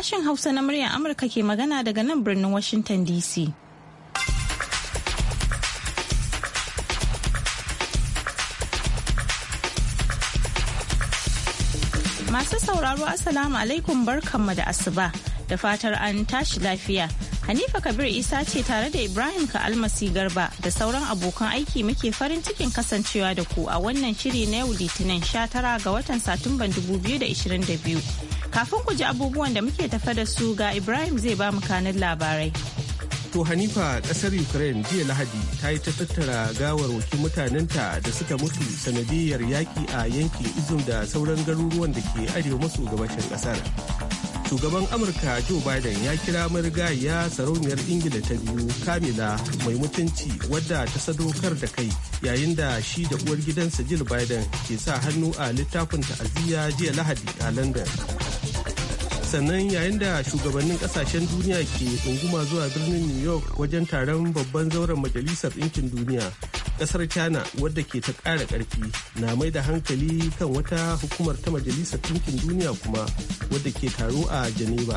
Sashen Hausa na muryar Amurka ke magana daga nan birnin Washington DC. Masu sauraro asalamu alaikum barkanmu da asuba da fatar an tashi lafiya. Hanifa Kabir Isa ce tare da Ibrahim ka almasi Garba da sauran abokan aiki muke farin cikin kasancewa da ku a wannan shiri na yau Litinin 19 ga watan Satumban 2022. Kafin ku ji abubuwan da muke tafa da su ga Ibrahim zai ba mu kanin labarai. To Hanifa kasar Ukraine jiya Lahadi ta yi ta tattara wakil mutanenta da suka mutu sanadiyar yaƙi a yankin Izum da sauran garuruwan da ke arewa maso gabashin ƙasar. shugaban amurka joe biden ya kira marigayya sarauniyar ingila ta biyu kamila mai mutunci wadda ta sadaukar da kai yayin da shi da uwar gidansa jill biden ke sa hannu a littafin ta'aziyya jiya lahadi a london sannan yayin da shugabannin kasashen duniya ke tsunguma zuwa birnin new york wajen taron babban zauren majalisar ɗinkin duniya kasar china wadda ke ta kara ƙarfi na mai da hankali kan wata hukumar ta majalisar ɗinkin duniya kuma wadda ke taro a geneva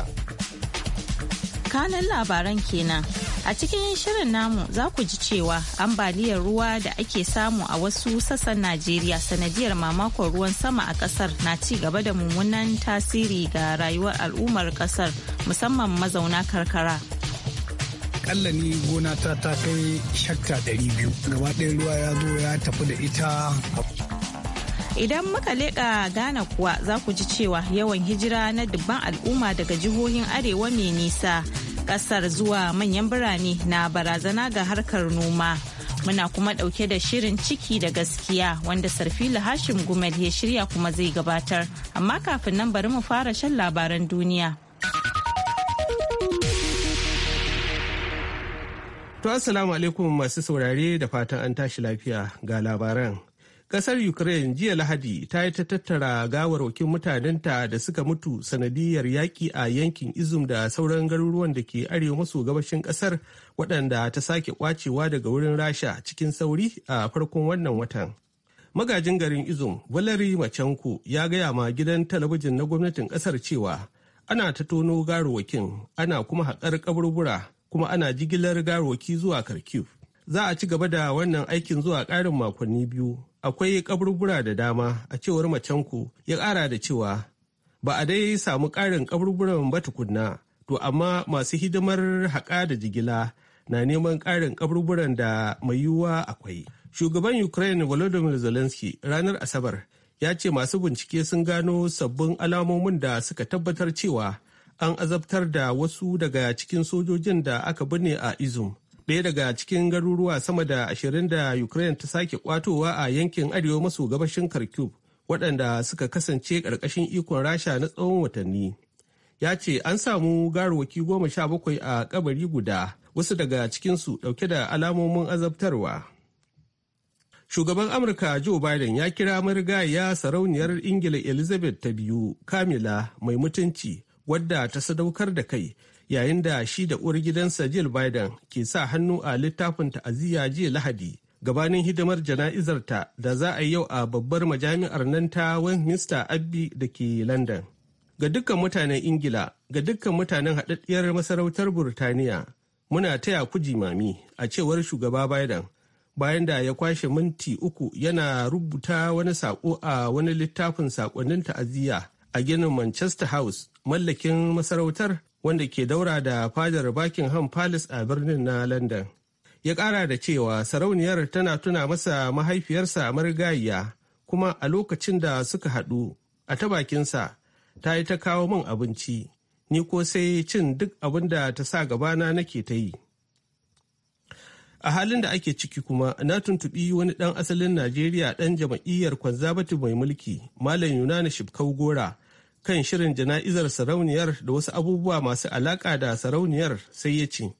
kanan labaran kenan a cikin shirin namu za ku ji cewa ambaliyar ruwa da ake samu a wasu sassan najeriya sanadiyar mamakon ruwan sama a kasar na ci gaba da mummunan tasiri ga rayuwar al'ummar kasar musamman mazauna karkara akalla ni gona ta ta kai shakka 200 gaba ɗaya ruwa ya zo ya tafi da ita Idan muka leƙa Ghana kuwa za ku ji cewa yawan hijira na dubban al'umma daga jihohin arewa mai nisa ƙasar zuwa manyan birane na barazana ga harkar noma. Muna kuma ɗauke da shirin ciki da gaskiya wanda Sarfila Hashim Gumel ya shirya kuma zai gabatar. Amma kafin nan bari mu fara shan labaran duniya. To assalamu alaikum masu saurare da fatan an tashi lafiya ga labaran. Kasar Ukraine jiya Lahadi ta yi ta tattara gawarwakin mutanenta da suka mutu sanadiyar yaƙi a yankin Izum da sauran garuruwan da ke arewa maso gabashin ƙasar waɗanda ta sake kwacewa daga wurin Rasha cikin sauri a farkon wannan watan. Magajin garin Izum, Valery Machenko ya gaya ma gidan talabijin na gwamnatin ƙasar cewa ana ta tono gawarwakin ana kuma haƙar ƙaburbura." kuma ana jigilar garwaki zuwa Kharkiv. Za a ci gaba da wannan aikin zuwa ƙarin makonni biyu. Akwai kaburbura da dama a cewar Macenko ya ƙara da cewa ba a dai samu ƙarin kaburburan ba tukunna, to amma masu hidimar haƙa da jigila na neman ƙarin kaburburan da mai yiwuwa akwai. Shugaban Ukraine Volodymyr Zelensky ranar Asabar ya ce masu bincike sun gano sabbin alamomin da suka tabbatar cewa an azabtar da wasu daga cikin sojojin da aka binne a Izum. Ɗaya daga cikin garuruwa sama da ashirin da Ukraine ta sake kwatowa a yankin arewa maso gabashin Kharkiv waɗanda suka kasance ƙarƙashin ikon Rasha na tsawon watanni. Ya ce an samu garwaki goma sha bakwai a kabari guda, wasu daga cikinsu ɗauke da alamomin azabtarwa. shugaban amurka joe biden ya kira marigaya sarauniyar ingila elizabeth ta biyu kamila mai mutunci wadda ta sadaukar da kai yayin da shi da uwar gidansa Jill Biden ke sa hannu a littafin ta'aziyya jiya Lahadi gabanin hidimar jana'izar ta da za a yi yau a babbar majami'ar nan ta Westminster Abbey da ke London. Ga dukkan mutanen Ingila, ga dukkan mutanen haɗaɗɗiyar masarautar Burtaniya, muna taya ku jimami a cewar shugaba Biden bayan da ya kwashe minti uku yana rubuta wani saƙo a wani littafin saƙonnin ta'aziyya a ginin Manchester House mallakin masarautar wanda ke daura da fadar bakin Buckingham Palace a birnin na London. Ya kara da cewa sarauniyar tana tuna masa mahaifiyarsa marigayya kuma a lokacin da suka haɗu a ta bakinsa ta yi ta kawo min abinci, ni ko sai cin duk abin da ta sa gabana nake ta yi. a halin da ake ciki kuma na tuntubi wani ɗan asalin najeriya ɗan jama'iyyar conservative mai mulki malam Yunani shibkau gora kan shirin jana'izar sarauniyar da wasu abubuwa masu alaƙa da sarauniyar sai ya ce.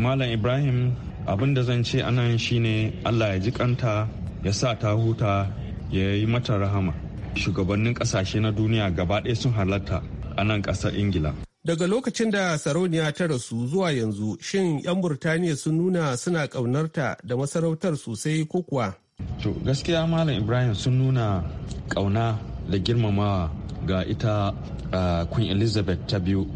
Malam Ibrahim abin da zan ce anan shine Allah ya ji kanta ya sa ta huta ya yi mata rahama. Shugabannin ƙasashe na duniya gaba ɗaya sun halarta a nan ƙasar Ingila. Daga lokacin da sarauniya ta rasu zuwa yanzu shin 'yan Burtaniya sun nuna suna ƙaunarta da masarautar sosai ko kuwa? To gaskiya Malam Ibrahim sun nuna ƙauna da girmamawa ga ita queen elizabeth ta biyu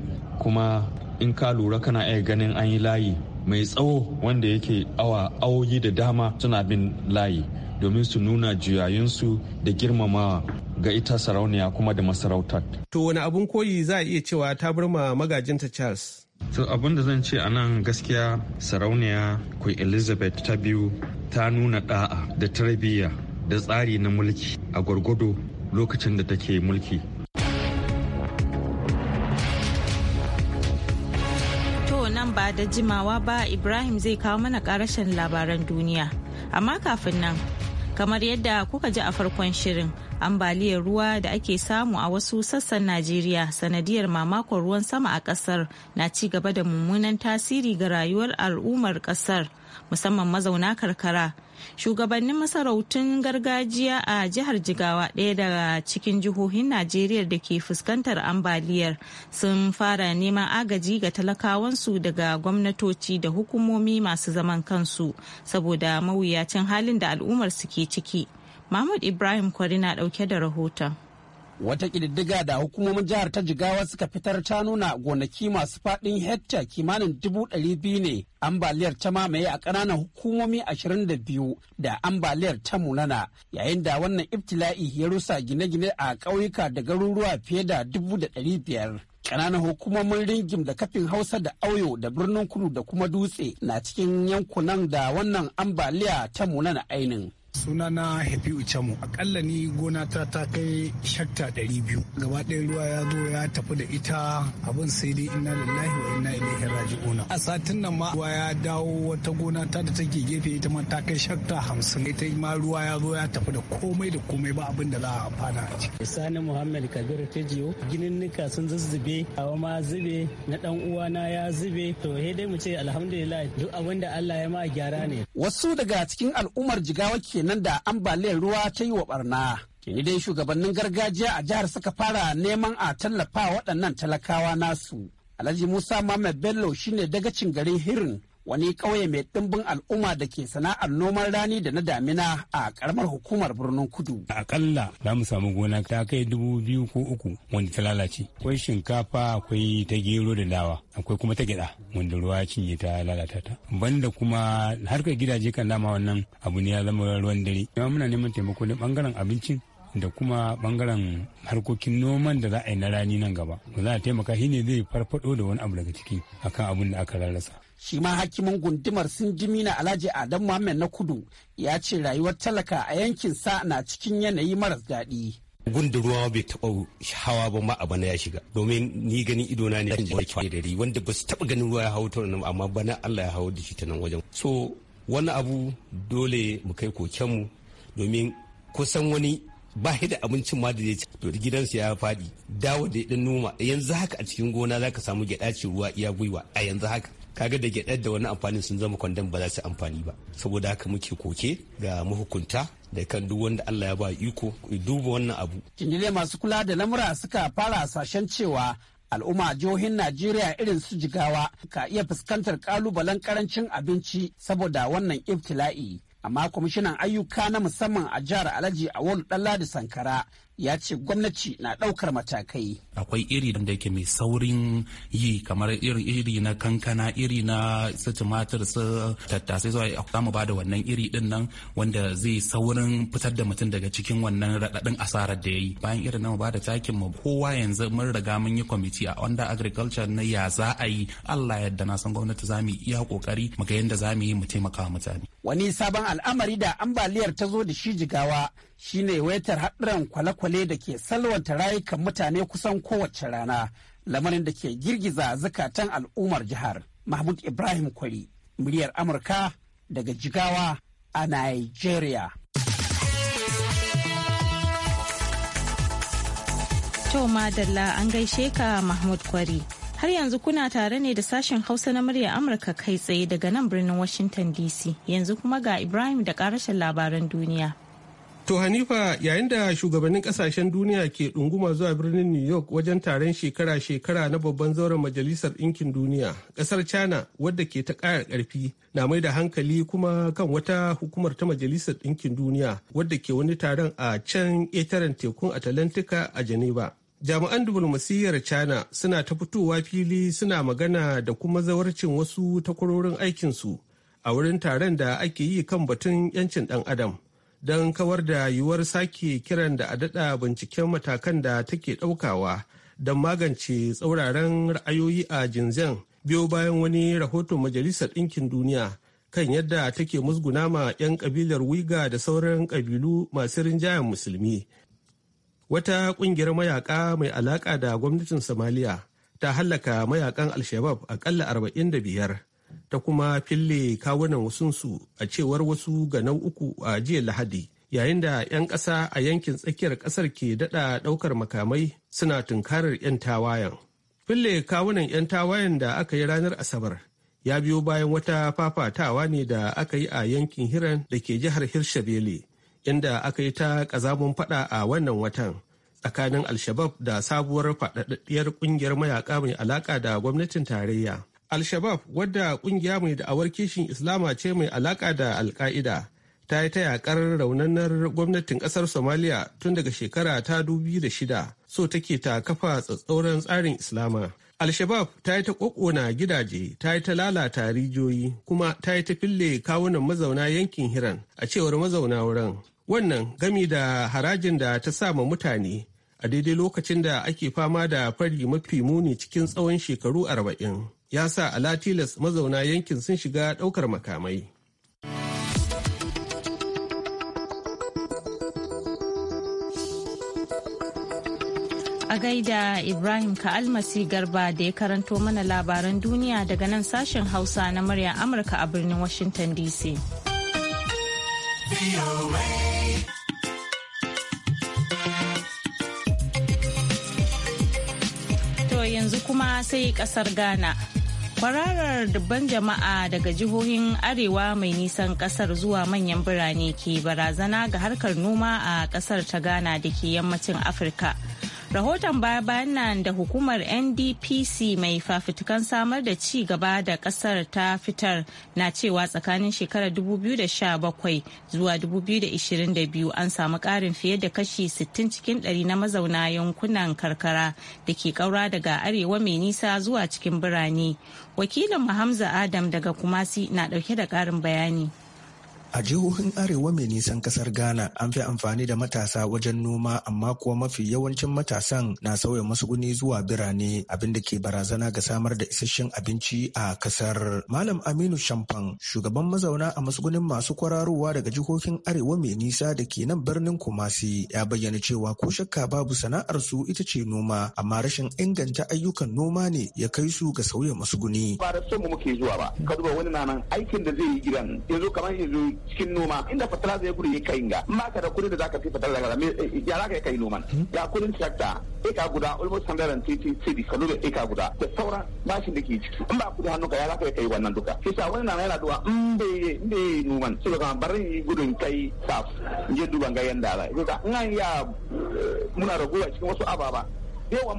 kuma in ka lura kana iya ganin an yi layi mai tsawo wanda yake awa awoyi da dama suna bin layi domin su nuna juyayinsu da girmamawa ga ita sarauniya kuma da masarautar. To wani abun koyi za a iya cewa ta burma magajinta Charles. To abin da zan ce a nan gaskiya sarauniya Queen Elizabeth ta biyu ta nuna da'a da tarbiyya da tsari na mulki a gwargwado lokacin da take mulki to nan ba da jimawa ba Ibrahim zai kawo mana karashin labaran duniya. Amma kafin nan, kamar yadda kuka ji a farkon shirin, ambaliyar ruwa da ake samu a wasu sassan Najeriya sanadiyar mamakon ruwan sama a kasar na ci gaba da mummunan tasiri ga rayuwar al'ummar kasar, musamman mazauna karkara shugabannin masarautun gargajiya a jihar jigawa ɗaya daga cikin jihohin najeriya da ke fuskantar ambaliyar sun fara neman agaji ga talakawansu daga gwamnatoci da hukumomi masu zaman kansu saboda mawuyacin halin da al'ummar suke ciki mahmud ibrahim kwari na ɗauke da rahoton Wata ƙididdiga da hukumomin jihar ta Jigawa suka fitar ta nuna gonaki masu faɗin hekta kimanin dubu ɗari biyu ne ambaliyar ta mamaye a ƙananan hukumomi ashirin da biyu da ambaliyar ta munana yayin da wannan ibtila'i ya rusa gine-gine a ƙauyuka da garuruwa fiye da dubu da ɗari biyar. Ƙananan hukumomin ringim da kafin Hausa da Auyo da birnin Kudu da kuma Dutse na cikin yankunan da wannan ambaliya ta munana ainin. suna na hafi ucamu akalla ni gona ta ta kai shakta ɗari biyu gaba ɗaya ruwa ya zo ya tafi da ita abin sai dai ina lillahi wa inna ilaihi raji'una a satin nan ma ruwa ya dawo wata gona ta da take gefe ita ma ta kai shakta hamsin ita ma ruwa ya zo ya tafi da komai da komai ba abin da za a amfana a ciki sani muhammad kabir tejiyo gininnika sun zuzzube awa ma zube na dan uwana ya zube to he dai mu ce alhamdulillah duk abin da Allah ya ma gyara ne wasu daga cikin al'ummar jigawa ke kenan da ambaliyar ruwa ta yi wa barna kini dai shugabannin gargajiya a jihar suka fara neman a tallafa waɗannan talakawa nasu alhaji musa Muhammad bello shine dagacin garin hirin wani ƙauye mai ɗimbin al'umma da ke sana'ar noman rani da na damina a karamar hukumar birnin kudu. Akalla za mu samu gona ta kai dubu biyu ko uku wanda ta lalace. Akwai shinkafa akwai ta gero da dawa akwai kuma ta gyaɗa wanda ruwa cinye ta lalata ta. Banda kuma harkar gidaje kan dama wannan abu ne ya zama ruwan dare. Yawan muna neman taimako na bangaren abincin da kuma bangaren harkokin noman da za a yi na rani nan gaba za a taimaka shi ne zai farfado da wani abu daga ciki akan abin da aka rarrasa shi ma hakimin gundumar sindimi na alhaji adam muhammad na kudu ya ce rayuwar talaka a yankin sa na cikin yanayi maras daɗi gundun ruwa bai taɓa hawa ba ma a bana ya shiga domin ni ganin idona ne da wanda ba su taɓa ganin ruwa ya hau ta nan amma bana allah ya hau da shi ta nan wajen so wani abu dole mu kai kokenmu domin kusan wani ba shi da abincin ma da zai ci to gidansa ya faɗi dawo da ya noma yanzu haka a cikin gona zaka samu gyaɗa ce ruwa iya gwiwa a yanzu haka kaga da gyaɗar da wani amfanin sun zama kwandon ba za su amfani ba saboda haka muke koke ga mahukunta da kan duk wanda Allah ya ba iko duba wannan abu. Tindile masu kula da lamura suka fara hasashen cewa al'umma jihohin Najeriya irin su jigawa ka iya fuskantar kalubalen karancin abinci saboda wannan ibtila'i. Amma kwamishinan ayyuka na musamman a jihar Alhaji a wani da Sankara ya ce gwamnati na ɗaukar matakai. akwai iri da yake mai saurin yi kamar iri na kankana iri na su tumatir su tattasai zuwa za mu bada wannan iri din nan wanda zai saurin fitar da mutum daga cikin wannan raɗaɗin asarar da ya yi bayan irin na mu bada takin mu kowa yanzu mun riga mun yi kwamiti a wanda agriculture na ya za a yi Allah yadda na san gwamnati za mu iya kokari mu ga yadda za mu yi mu taimaka wa mutane wani sabon al'amari da ambaliyar ta zo da shi jigawa shine waitar haɗuran kwale-kwale da ke salwanta rayukan mutane kusan kowace rana lamarin da ke girgiza zukatan al'ummar jihar mahmud ibrahim kwari muryar amurka daga jigawa a nigeria to madalla an gaishe ka mahmud kwari har yanzu kuna tare ne da sashen hausa na muryar amurka kai tsaye daga nan birnin washington dc yanzu kuma ga ibrahim da karashin labaran duniya To Hanifa yayin da shugabannin kasashen duniya ke ɗunguma zuwa birnin New York wajen taron shekara-shekara na babban zauren Majalisar Ɗinkin Duniya, ƙasar China wadda ke ta ƙayar ƙarfi na mai da hankali kuma kan wata hukumar ta Majalisar Ɗinkin Duniya wadda ke wani taron a can ƙetaren tekun Atalantika a Geneva. Jami'an diflomasiyyar China suna ta fitowa fili suna magana da kuma zawarcin wasu takwarorin aikinsu a wurin taron da ake yi kan batun 'yancin ɗan adam. don kawar da yiwuwar sake kiran da a daɗa binciken matakan da take ɗaukawa don magance tsauraran ra'ayoyi a jinzen biyo bayan wani rahoton majalisar ɗinkin duniya kan yadda take musguna ma 'yan ƙabilar wiga da sauran ƙabilu masu rinjayen musulmi wata ƙungiyar mayaka mai alaƙa da gwamnatin somaliya ta hallaka mayakan al-shabab aƙalla biyar. ta kuma fille kawunan wasunsu a cewar wasu ga uku a jiya lahadi yayin da 'yan ƙasa a yankin tsakiyar ƙasar ke daɗa ɗaukar makamai suna tunkarar 'yan tawayen. Fille kawunan 'yan tawayen da aka yi ranar Asabar ya biyo bayan wata fafatawa ne da aka yi a yankin Hiran da ke jihar Hirshabele, inda aka yi ta ƙazamin faɗa a wannan watan tsakanin Alshabab da sabuwar faɗaɗɗiyar ƙungiyar mayaƙa mai alaƙa da gwamnatin tarayya. al-shabab wadda kungiya mai da'awar kishin islama ce mai alaka da al-qaida ta yi ta yakar raunanar gwamnatin kasar somalia tun daga shekara ta shida so take ta kafa tsatsauran tsarin islama al-shabab ta yi ta kokona gidaje ta yi ta lalata rijiyoyi kuma ta yi ta fille kawunan mazauna yankin hiran a cewar mazauna wurin wannan gami da harajin da ta ma mutane a daidai lokacin da ake fama da fari mafi muni cikin tsawon shekaru arba'in ya sa alatilas mazauna yankin sun shiga ɗaukar makamai. A gaida Ibrahim Ka'almasi Garba da ya karanto mana labaran duniya daga nan sashen Hausa na murya Amurka a birnin Washington DC. yanzu kuma sai kasar Ghana. Kwararar dubban jama'a daga jihohin Arewa mai nisan kasar zuwa manyan birane ke barazana ga harkar noma a kasar ta Ghana da ke yammacin Afirka. rahoton baya-bayan nan da hukumar ndpc mai fafutukan samar da ci gaba da kasar ta fitar na cewa tsakanin shekarar 2017 zuwa 2022 an samu karin fiye da kashi 60 cikin 100 na mazauna yankunan karkara da ke kaura daga arewa mai nisa zuwa cikin birane wakilin hamza adam daga kumasi na dauke da karin bayani A jihohin Arewa mai nisan kasar Ghana an fi amfani da matasa wajen noma amma kuwa mafi yawancin matasan na sauya masuguni zuwa birane abinda ke barazana ga samar da isasshen abinci a kasar. Malam Aminu Shamfan shugaban mazauna a masugunin masu kwararowa daga jihohin Arewa mai nisa da ke nan birnin Kumasi ya bayyana cewa ko shakka babu sana'ar su ita ce noma amma rashin inganta ayyukan noma ne ya kai su ga sauya masuguni. Ba da son mu muke zuwa ba. Ka duba wani nan aikin da zai yi gidan yanzu kamar yanzu cikin noma inda fatala zai gudu kai nga in ka da kuri da zaka fi me eh, ya zaka kai noman ga kudin tractor eka guda almost 130 city ka da eka guda da saura bashin da ke ciki in ba kudi hannu ka ya zaka kai wannan duka kisa wani na yana duwa in bai in bai noman sai ka bari gudun kai saf je duban ga yanda ala in ya ah, muna raguwa cikin wasu ababa yawa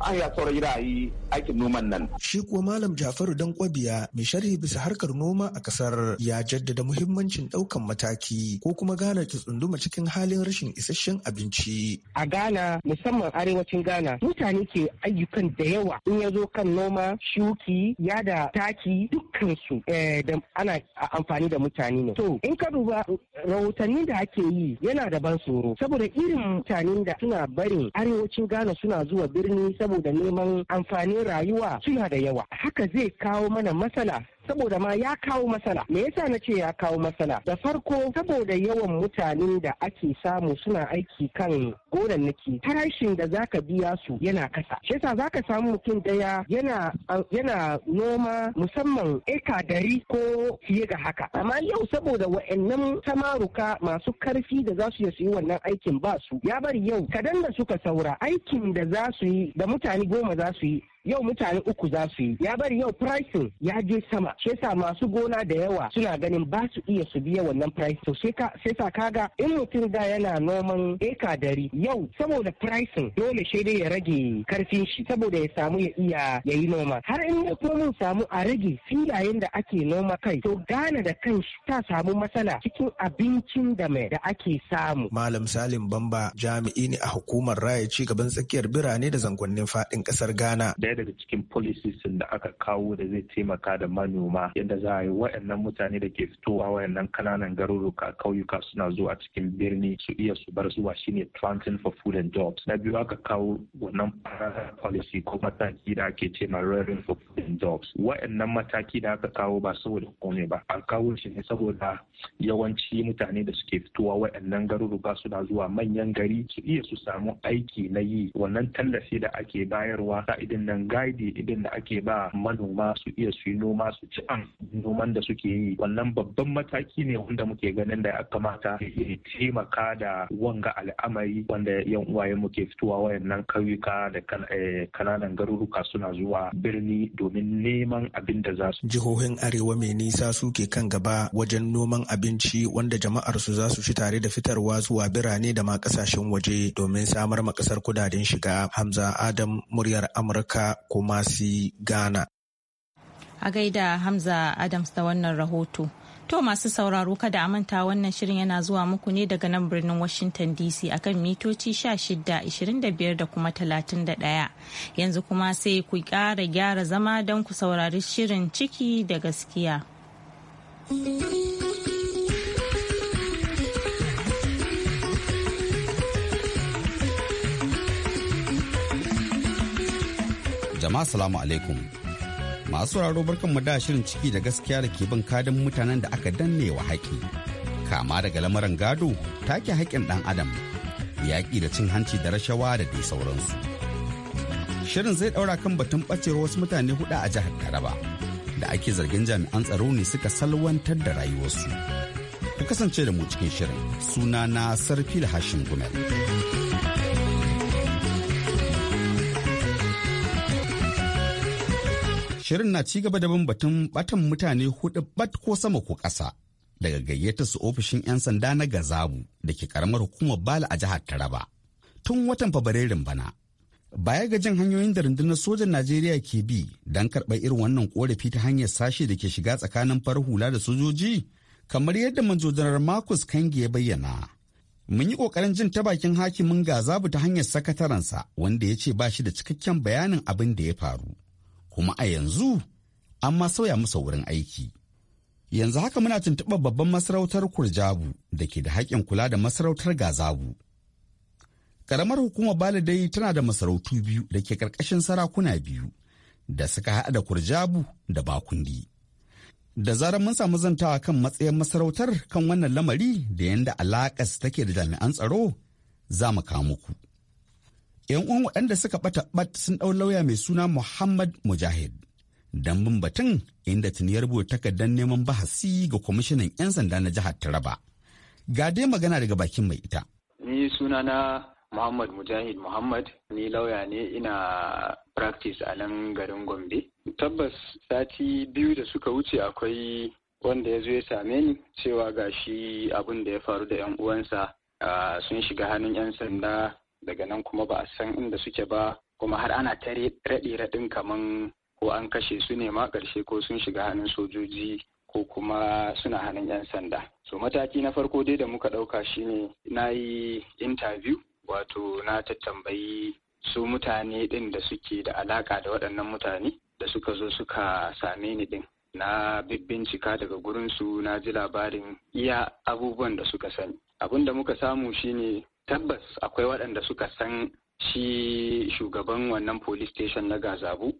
an ya saura gida yi aikin noman nan. Shi kuwa Malam Jafaru don Kwabiya mai sharhi bisa harkar noma a kasar ya jaddada muhimmancin ɗaukan mataki ko kuma Ghana ki tsunduma cikin halin rashin isasshen abinci. A Ghana musamman arewacin Ghana mutane ke ayyukan da yawa in ya zo kan noma shuki yada taki dukkansu eh, da ana amfani da mutane ne. To in ka duba rahotannin da ake yi yana da ban tsoro saboda irin mutanen da suna barin arewacin Ghana suna zuwa birni saboda neman amfanin rayuwa suna da yawa haka zai kawo mana matsala saboda ma ya kawo masala, me yasa na ce ya kawo masala, da farko saboda yawan mutanen da ake samu suna aiki kan gonannaki farashin da zaka biya su yana kasa shi yasa zaka samu mutum daya yana yana noma musamman eka dari ko fiye ga haka amma yau saboda wa'annan samaruka masu karfi da za su yi wannan aikin ba su ya bari yau kadan da suka saura aikin da za su yi da mutane goma za su yi yau mutane uku za su yi ya bari yau pricing ya je sama shi yasa masu gona da yawa suna ganin ba su iya su biya wannan price to sai sa kaga in mutum da yana noman eka dari yau saboda pricing dole shi dai ya rage karfin shi saboda ya samu ya iya ya yi noma har in ya kuma samu a rage filayen da ake noma kai to gane da kan shi ta samu matsala cikin abincin da mai da ake samu malam salim bamba jami'i ne a hukumar raya ci gaban tsakiyar birane da zangonnin fadin kasar ghana ɗaya daga cikin policies da aka kawo da zai taimaka da manoma yadda za a yi wa'annan mutane da ke fitowa wa'annan kananan garuruka kauyuka suna zuwa cikin birni su iya su bar zuwa shine planting for food and jobs na biyu aka kawo wannan policy ko mataki da ake ce ma rearing for food and jobs wa'annan mataki da aka kawo ba saboda komai ba an kawo shi ne saboda yawanci mutane da suke fitowa wa'annan garuruka suna zuwa manyan gari su iya su samu aiki na yi wannan tallafi da ake bayarwa ka'idin nan wannan gaidi idan da ake ba manoma su iya su yi noma su ci an noman da suke yi wannan babban mataki ne wanda muke ganin da ya kamata ya taimaka da wanga al'amari wanda yan uwaye muke fitowa wayannan kauyuka da eh, kananan garuruka suna zuwa birni domin neman abin da za su jihohin arewa mai nisa suke kan gaba wajen noman abinci wanda jama'ar su za su ci tare da fitarwa zuwa birane da ma kasashen waje domin samar ma kasar kudaden shiga hamza adam muryar amurka kuma si Ghana. A gaida Hamza Adams da wannan rahoto. To masu sauraro kada a manta wannan shirin yana zuwa muku ne daga nan birnin Washington DC akan mitoci 16, 25 da kuma 31. Yanzu kuma sai ku ƙara gyara zama don ku saurari shirin ciki da gaskiya. ma salamu alaikum. Masu sauraro barkan mu da shirin ciki da gaskiya da ke bin kadin mutanen da aka danne wa haƙi. Kama daga lamarin gado, take haƙƙin ɗan adam, yaƙi da cin hanci da rashawa da dai sauransu. Shirin zai ɗaura kan batun ɓacewa wasu mutane huɗu a jihar Taraba, da ake zargin jami'an tsaro ne suka salwantar da rayuwarsu. Ku kasance da mu cikin shirin, suna sunana Sarfil hashin Gumel. Shirin na ci gaba da bin batun batan mutane hudu bat ko sama ko ƙasa daga gayyatar su ofishin 'yan sanda na Gazabu da ke karamar hukumar Bala a jihar Taraba. Tun watan Fabrairun bana, baya ga jin hanyoyin da rundunar sojan Najeriya ke bi don karɓar irin wannan korafi ta hanyar sashe da ke shiga tsakanin farar hula da sojoji, kamar yadda manjojanar Marcus Kangi ya bayyana. mun yi kokarin jin ta bakin hakimin gazabu ta hanyar sakatarensa wanda ya ce ba shi da cikakken bayanin abin da ya faru kuma a yanzu an ma sauya masa wurin aiki. Yanzu haka muna tuntuɓar babban masarautar Kurjabu da ke da haƙƙin kula da masarautar Gazabu. Ƙaramar hukumar Bali tana da masarautu biyu da ke ƙarƙashin sarakuna biyu da suka haɗa da Kurjabu da Bakundi. Da zarar mun samu zantawa kan matsayin masarautar kan wannan lamari da yanda alaƙas take da jami'an tsaro za mu kawo muku. 'yan uwan waɗanda suka ɓata ɓat sun ɗau lauya mai suna muhammad mujahid dambun batun inda tuni ya rubuta takardar neman bahasi ga kwamishinan 'yan sanda na jihar taraba ga dai magana daga bakin mai ita ni suna na muhammad mujahid muhammad ni lauya ne ina practice a nan garin gombe tabbas sati biyu da suka wuce akwai wanda ya zo ya same ni cewa gashi abin da ya faru da 'yan uwansa ah, sun shiga hannun 'yan sanda daga nan kuma ba a san inda suke ba kuma har ana ta raɗi raɗin kaman ko an kashe su ne ma ƙarshe ko sun shiga hannun sojoji ko kuma suna hannun 'yan sanda so mataki na farko dai da muka ɗauka shine na yi interview wato na ta tambayi su mutane ɗin da suke da alaƙa da waɗannan mutane da suka zo suka same ni ɗin na bincika daga gurinsu na ji labarin iya abubuwan da suka sani abin da muka samu shine tabbas akwai waɗanda suka san shi shugaban wannan police station na gazabu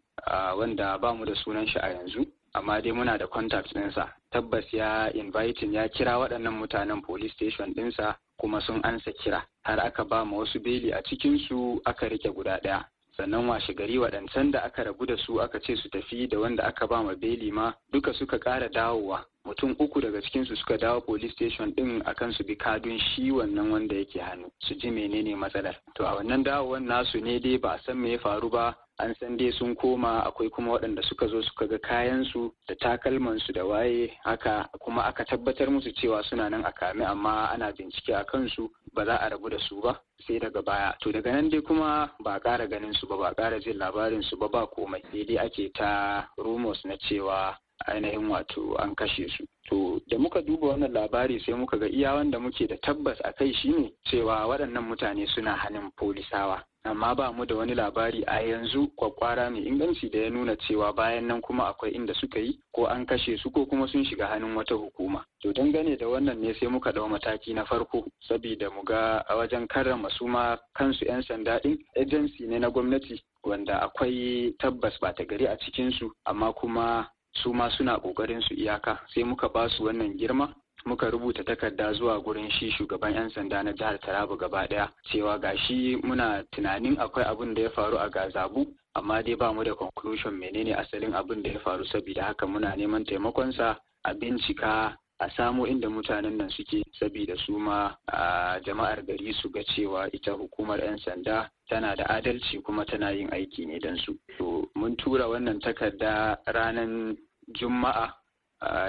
wanda ba mu da sunan shi a yanzu amma dai muna da contact ɗinsa tabbas ya inviting ya kira waɗannan mutanen police station ɗinsa kuma sun ansa kira har aka ba ma wasu beli a cikin su aka rike guda ɗaya sannan washe gari waɗancan da aka rabu da su aka ce su tafi da wanda aka ba ma beli ma duka suka ƙara dawowa mutum uku daga cikinsu suka dawo police station din akan su bi kadun shi wannan wanda yake hannu su ji menene matsalar to a wannan dawowan nasu ne dai ba a san me ya faru ba an san dai sun koma akwai kuma waɗanda suka zo suka ga kayan su da takalman su da waye haka kuma aka tabbatar musu cewa suna nan a kame amma ana bincike a kansu ba za a rabu da su ba sai daga baya to daga nan dai kuma ba ƙara ganin su ba ba ƙara jin labarin su ba ba komai sai dai ake ta rumors na cewa ainihin wato an kashe su to da muka duba wannan labari sai muka ga iya wanda muke da tabbas a kai shine cewa waɗannan mutane suna hannun polisawa amma ba mu da wani labari a yanzu kwakwara mai inganci da ya nuna cewa bayan nan kuma akwai inda suka yi ko an kashe su ko kuma sun shiga hannun wata hukuma to dangane da wannan ne sai muka dau mataki na farko saboda mu ga a wajen karrama suma kansu 'yan sanda ɗin agency ne na gwamnati wanda akwai tabbas ba ta gari a cikinsu amma kuma su ma suna ƙoƙarin su iyaka sai muka ba su wannan girma muka rubuta takarda zuwa gurin shi shugaban 'yan sanda na jihar taraba gaba daya cewa gashi muna tunanin akwai abin da ya faru a gazabu amma dai ba mu da conclusion menene asalin abin da ya faru saboda haka muna neman taimakonsa a bincika a samo inda mutanen nan suke saboda su ma a jama'ar gari su ga cewa ita hukumar 'yan sanda tana da adalci kuma tana yin aiki ne don su. mun tura wannan takarda ranar juma'a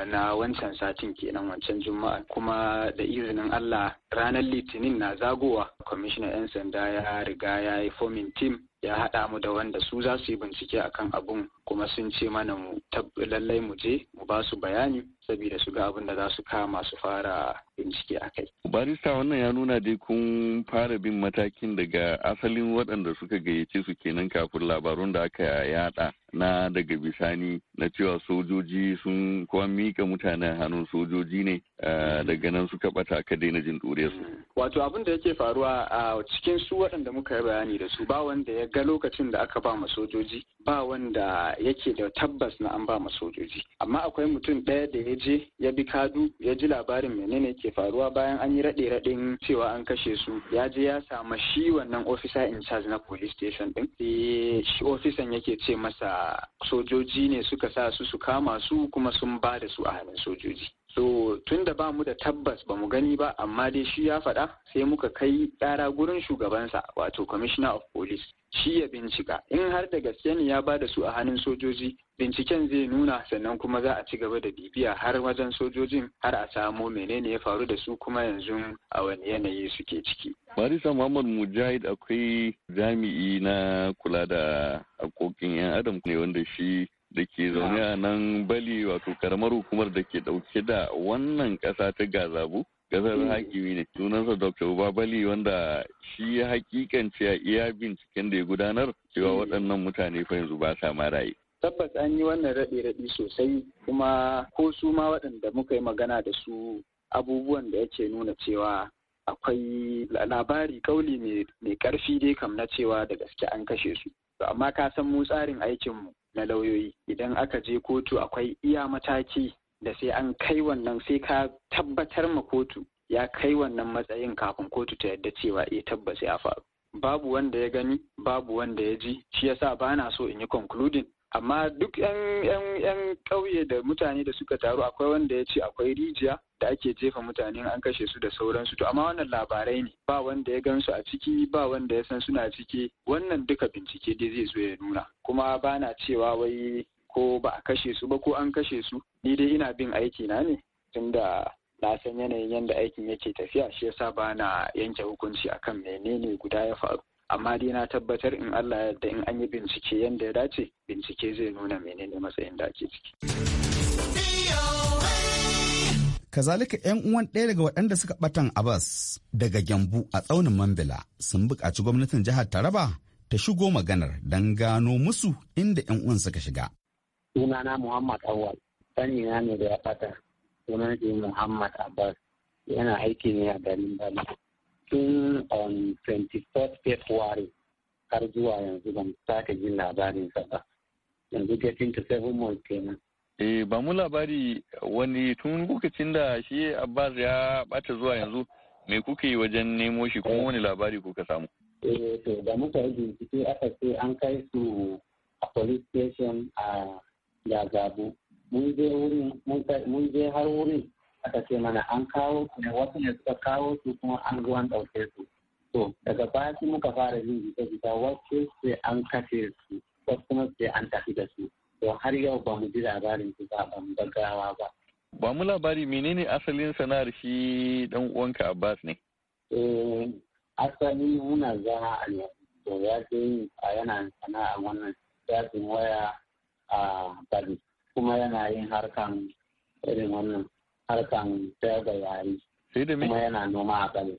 na wancan satin kenan wancan juma'a kuma da izinin Allah ranar litinin na zagowa kwamishinan 'yan sanda ya riga ya yi fomin tim ya haɗa mu da wanda su za su yi bincike akan abun kuma sun ce mana mu lallai mu je mu ba su bayani saboda su ga abin da za su kama su fara bincike a kai. Barista wannan ya nuna dai kun fara bin matakin daga asalin waɗanda suka gayyace su kenan kafin labarun da aka yada na daga bisani na cewa sojoji sun kuma mika mutanen hannun sojoji ne eh, daga nan suka bata aka daina jin su. Mm. Wato abin da yake faruwa a cikin su waɗanda muka yi bayani da su ba wanda ya ga lokacin da aka ba ma sojoji ba wanda yake da tabbas na an ba ma sojoji amma akwai mutum ɗaya da ya je ya bi kadu ya ji labarin menene ke faruwa bayan an yi raɗe raɗin cewa an kashe su ya je ya samu shi wannan officer in charge na police station din shi ofisan yake ce masa sojoji ne suka sa su su kama su kuma sun ba da su a hannun sojoji so tun da ba mu da tabbas ba mu gani ba amma dai shi ya faɗa sai muka kai ƙara gurin shugabansa wato commissioner of police shi ya bincika in har da gaske ne ya ba da su a hannun sojoji binciken zai nuna sannan kuma za a ci gaba da bibiya har wajen sojojin har a samo menene ya faru da su kuma yanzu a wani yanayi suke ciki Barisa Muhammad Mujahid akwai jami'i na kula da haƙoƙin 'yan adam ne wanda shi da ke zaune a nan bali wato karamar hukumar da ke dauke da wannan kasa ta gazabu gasar mm. hakimi ne sunansa dr uba bali wanda shi ya hakikance a iya binciken da ya gudanar cewa mm. waɗannan mutane fa yanzu ba sa ma raye tabbas an yi wannan raɗe-raɗi sosai kuma ko su ma waɗanda muka yi magana da su abubuwan da yake nuna cewa akwai labari kauli mai ƙarfi dai kam na cewa da gaske an kashe su amma ka san mu tsarin aikinmu na lauyoyi idan aka je kotu akwai iya mataki da sai an kai wannan sai ka tabbatar ma kotu ya kai wannan matsayin kafin kotu ta yadda cewa eh tabbas ya faru babu wanda ya gani babu wanda ya ji shi yasa ba na so in yi concluding amma duk yan yan yan ƙauye da mutane da suka taru akwai wanda ya ce akwai rijiya da ake jefa mutane an kashe su da sauransu to amma wannan labarai ne ba wanda ya gansu a ciki ba wanda ya san suna ciki wannan duka bincike dai zai zo ya nuna kuma bana cewa wai ko ba a kashe su ba ko an kashe su ni dai ina bin aiki na ne tunda na san yanayin yadda aikin yake tafiya shi yasa ba na yanke hukunci akan menene guda ya faru amma dai na tabbatar in Allah yarda in an yi bincike yadda ya dace bincike zai nuna menene matsayin da ake ciki. Kazalika 'yan uwan ɗaya daga waɗanda suka batan Abbas daga Gyambu a tsaunin Mambila sun buƙaci gwamnatin jihar Taraba ta shigo maganar don gano musu inda 'yan uwan suka shiga. Sunana Muhammad Awal, sani ne da ya fata, sunan shi Muhammad Abbas, yana aiki ne a garin Bali. Tun on 24 February har zuwa yanzu ban sake jin labarinsa ba. Yanzu getting to seven months kenan. Eh ba mu labari wani tun lokacin da shi Abbas ya bata zuwa yanzu me kuke yi wajen nemo shi kuma wani labari kuka samu? Eh to da muka yi bincike aka ce an kai su a police station a Yagabu. Mun je wurin mun je har wurin aka ce mana an kawo su ne wasu ne suka kawo su kuma an zo an ɗauke su. To daga baya muka fara yin jita-jita wasu sai an kashe su wasu kuma sai an tafi da su. to har yau ba mu ji labarin mu gaggawa ba. Ba mu labari menene asalin sana'ar shi dan uwanka Abbas ne? Eh asali muna zama a to ya ce a yana sana'a wannan yakin waya a Bali kuma yana yin harkan irin wannan harkan sayar da yari. Sai da Kuma yana noma a Bali.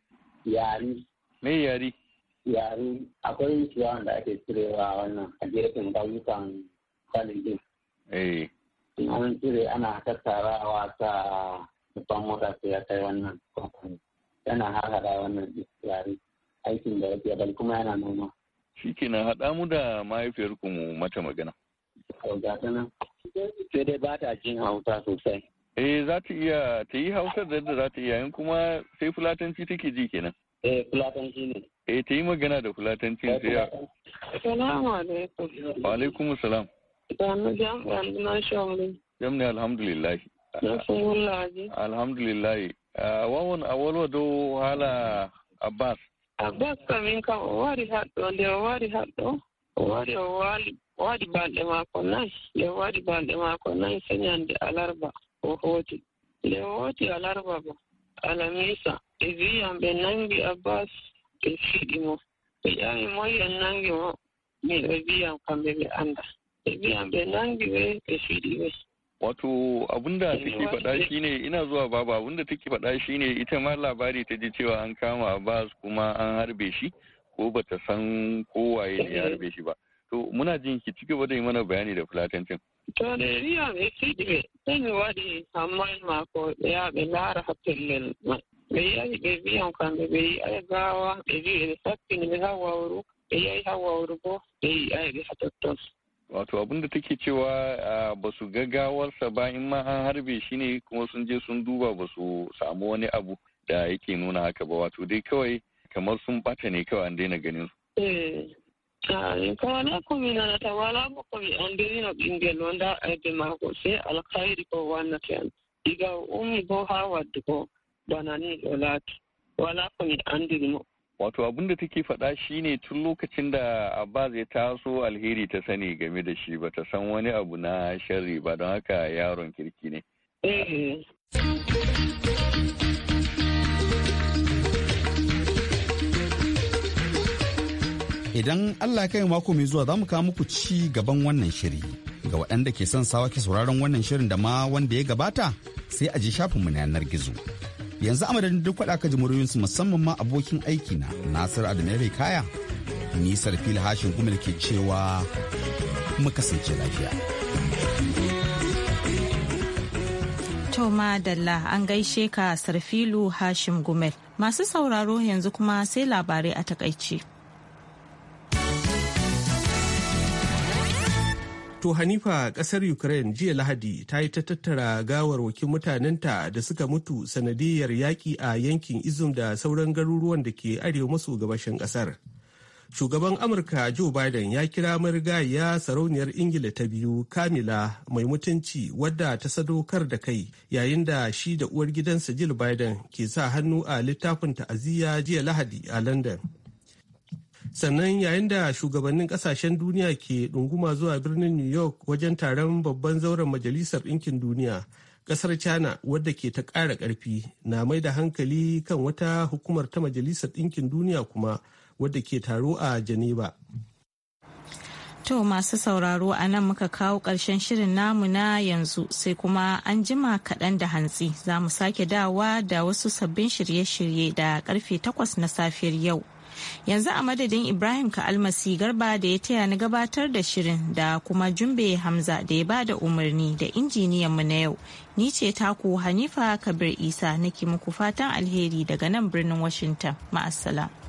Yari. Me yari? Yari akwai ciwon da ake cirewa wannan a gefen ƙauyukan kwalin din eh. in an cire ana tattarawa ta babban mota sai ya kai wannan kamfani yana harhaɗa wannan yare aikin da yake bal kuma yana noma shi kenan haɗa mu da mahaifiyar mu mata magana sai dai ba ta jin hausa sosai eh za ta iya ta yi hausar da yadda za ta iya yin kuma sai fulatanci take ji kenan eh fulatanci ne eh ta yi magana da fulatanci eh, sai ya salamu alaikum wa alaikum salam jam ne alhamdulillahi alhamdulillahi ee, wawon awolwa dow hala abbas abbas kamin kam o wari haɗɗo nde o wari haɗɗo o wari o waali o waɗi balɗe maako nayi nde o waɗi balɗe maako nayi señande alarba o hooti nde o hooti alarba ba alamisa ɓe wiyam ɓe nangi abbas ɓe fiɗi mo ɓe ƴami moyi nangi mo mi ɓe wiyan kamɓe ɓe annda tafiyan bai langi bai tafiri wato abinda take faɗa shine ina zuwa baba abinda take faɗa shine ita ma labari ta ji cewa an kama Abbas kuma an harbe shi ko bata san kowaye ne ya harbe shi ba to muna jin ki ci gaba da yi mana bayani da fulatancin to da riya mai kidi sai wadi amma ma ko ya be lara hatillin ya yi be biyan kan be yayi ay gawa be yi da ne be hawa wuru be yi hawa wuru ko be ai be hatattos wato abinda take cewa ba su gagawarsa ba in ma an harbe shi ne kuma sun je sun duba ba su samu wani abu da yake nuna haka ba wato dai kawai kamar sun bata ne kawai an daina ganin su. Eh, kawana kumi na na tawala ba kumi an daina ingel wanda a yi mako sai alkhairi ko wannan kyan diga umi ko hawa duko banani dolat wala kumi an dirmo wato abin da take faɗa shine tun lokacin da abbas ya taso alheri ta sani game da shi ba ta san wani abu na sharri ba don haka yaron kirki ne eh. idan allah kai mako mai zuwa za mu kawo muku ci gaban wannan shiri ga waɗanda ke son sawa ke sauraron wannan shirin da ma wanda ya gabata sai a ji shafinmu na yanar gizo yanzu amadadin duk waɗa ka musamman ma abokin aiki na nasir adamu kaya nisar fili hashin gumil ke cewa mu kasance lafiya To Madalla an gaishe ka Sarfilu Hashim Gumel. Masu sauraro yanzu kuma sai labarai a takaice. To Hanifa ƙasar Ukraine jiya Lahadi ta yi ta tattara gawarwakin mutanenta da suka mutu sanadiyar yaƙi a yankin Izum da sauran garuruwan da ke arewa maso gabashin ƙasar. Shugaban Amurka Joe Biden ya kira marigaya sarauniyar Ingila ta biyu Kamila mai mutunci wadda ta sadaukar da kai yayin da shi da uwar gidansa Jill Biden ke sa hannu a littafin ta'aziyya jiya Lahadi a London. sannan yayin da shugabannin kasashen duniya ke ɗunguma zuwa birnin new york wajen taron babban zauren majalisar ɗinkin duniya ƙasar china wadda ke ta ƙara ƙarfi na mai da hankali kan wata hukumar ta majalisar ɗinkin duniya kuma wadda ke taro a geneva To masu sauraro a nan muka kawo ƙarshen shirin namu na yanzu sai kuma an jima kaɗan da hantsi za mu sake dawa da wasu sabbin shirye-shirye da karfe takwas na safiyar yau. yanzu a madadin ibrahim ka almasi garba da ya taya ni gabatar da shirin da kuma jumbe hamza da ya bada umarni da injiniyan mu na yau ni ce taku hanifa kabir isa nake muku fatan alheri daga nan birnin washington ma'assalam